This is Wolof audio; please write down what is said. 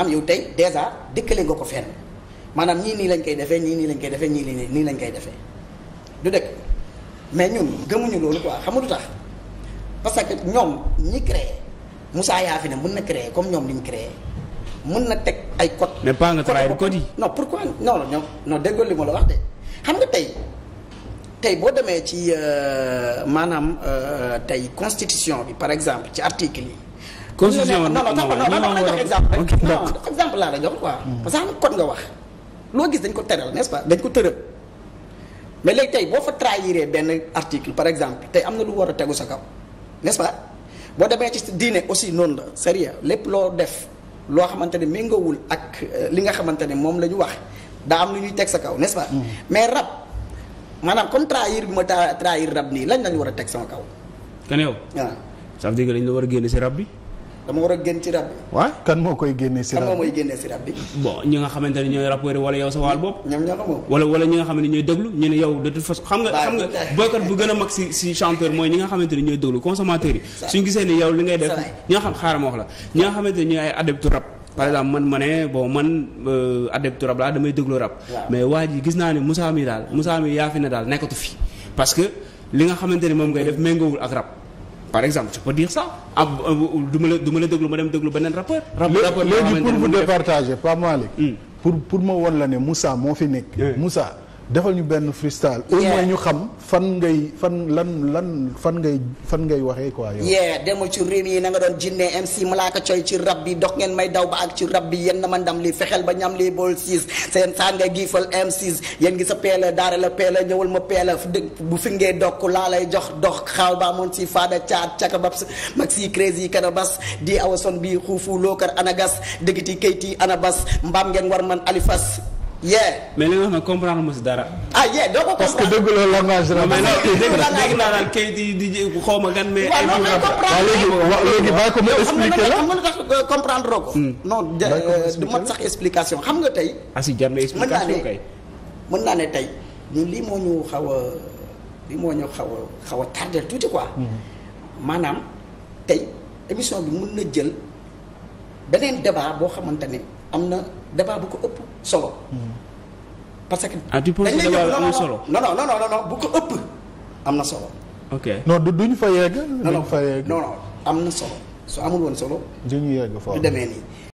am yow tey dèjà dëkkale nga ko fenn maanaam ñii nii lañ koy defee ñii nii lañ koy defee ñii nii nii lañ koy defee du dëkk mais ñun gëmuñu loolu quoi xam nga lu tax parce que ñoom ñi créé Moussa yaa mun na créé comme ñoom li ñu créé mën na teg ay code. mais pas nga bu code yi. non pourquoi non non ñoom non déggoo li ma la wax de xam nga tey tey boo demee ci euh, maanaam euh, tey constitution bi par exemple ci article yi. constitution non non non dama lay jox exemple rek non exemple laa la jox quoi mm. parce que xam code nga wax loo gis dañ ko tëral n'est-ce pas ko tërëb mais léegi tey boo fa trahiré benn article par exemple tey am na lu war a tegu sa kaw n'est-ce boo demee ci diine aussi noonu la sérieux lépp loo def loo xamante ne méngoowul ak euh, li nga xamante ne moom la ñu wax daa am lu ñuy teg sa kaw n'est-ce mm. mais rab maanaam comme trahir bi ma trahir rab nii lañ lañu war a teg sama kaw kan yow waaw ah. ça veut la war a génne si rab bi dama war a génn ci rab bi. waaw kan moo koy génnee si rab bi bo ñi nga xamante ne ñooy rappeurs yi wala yow sa wàll bopp. ñoom ñoo wala wala ñi nga xam ne ñooy déglu ñu ne yow de toute façon. xam nga xam nga boycott bu gën a mag si si chanteur mooy ñi nga xamante ne ñooy déglu consommateurs yi. suñu gisee ne ngay def ñi nga xam xaaral la ñi xamante ne ñooy ay adepte rab. par exemple man ma ne bon man euh, adepte rab laa damay déglu rab. mais waa ji gis naa ne Moussa mi daal Moussa mi yaa daal nekkatu fi parce que li nga xamante ne moom ngay def méngoowul ak par exemple je peux dire ça ak ah, euh, du ma la du ma la déglu ma dem déglu beneen rappeur. rappeur léegi pour vous départager pas Malick. Hmm. pour pour ma woon la ne mussa moo fi nekk. mussa defal ñu benn freestyle au moins ñu xam fan ngay fan lan lan fan ngay fan ngay waxee quoi yow yeah demal ci rim yi na nga doon jinne MC malaaka coy ci rab bi dox ngeen may daw ba ak ci rab bi yéen na ma ndam li fexeel ba ñam li bool siis seen saan nga giifal M6 yéen ngi sa peela daara la peela ñëwal ma peela dëgg bu fi ngee dokk laa lay jox dox xaaw baa moon si faada caat cakababs mag si crazy kanabas di awason bi xuufu lookar anagas dëggiti kayti anabas mbaam ngeen war man alifas yee. mais li nga xam ne comprendre mu si dara. ah yee doo ko comprendre parce que dëgg langage la. mais dëgg xaw ma gan. mais ay léegi bàyyi ko ma expliquer la mën nga euh, comprendre ko. Hmm. non euh, du mat sax explication xam nga tey. asi ah, jar na explication kay. mën naa ne tey ñun lii moo ñu xaw a lii moo ñu xaw a xaw a tardé tuuti quoi. Hmm. maanaam tey émission bi mën na jël. beneen débat boo xamante ne am na débat bu ko ëpp solo. parce que. ah tu penses débat solo non non non bu ko ëpp am na solo. ok non du duñ fa yegg. duñ fa am na solo su amul woon solo. duñ yegg foofu demee nii.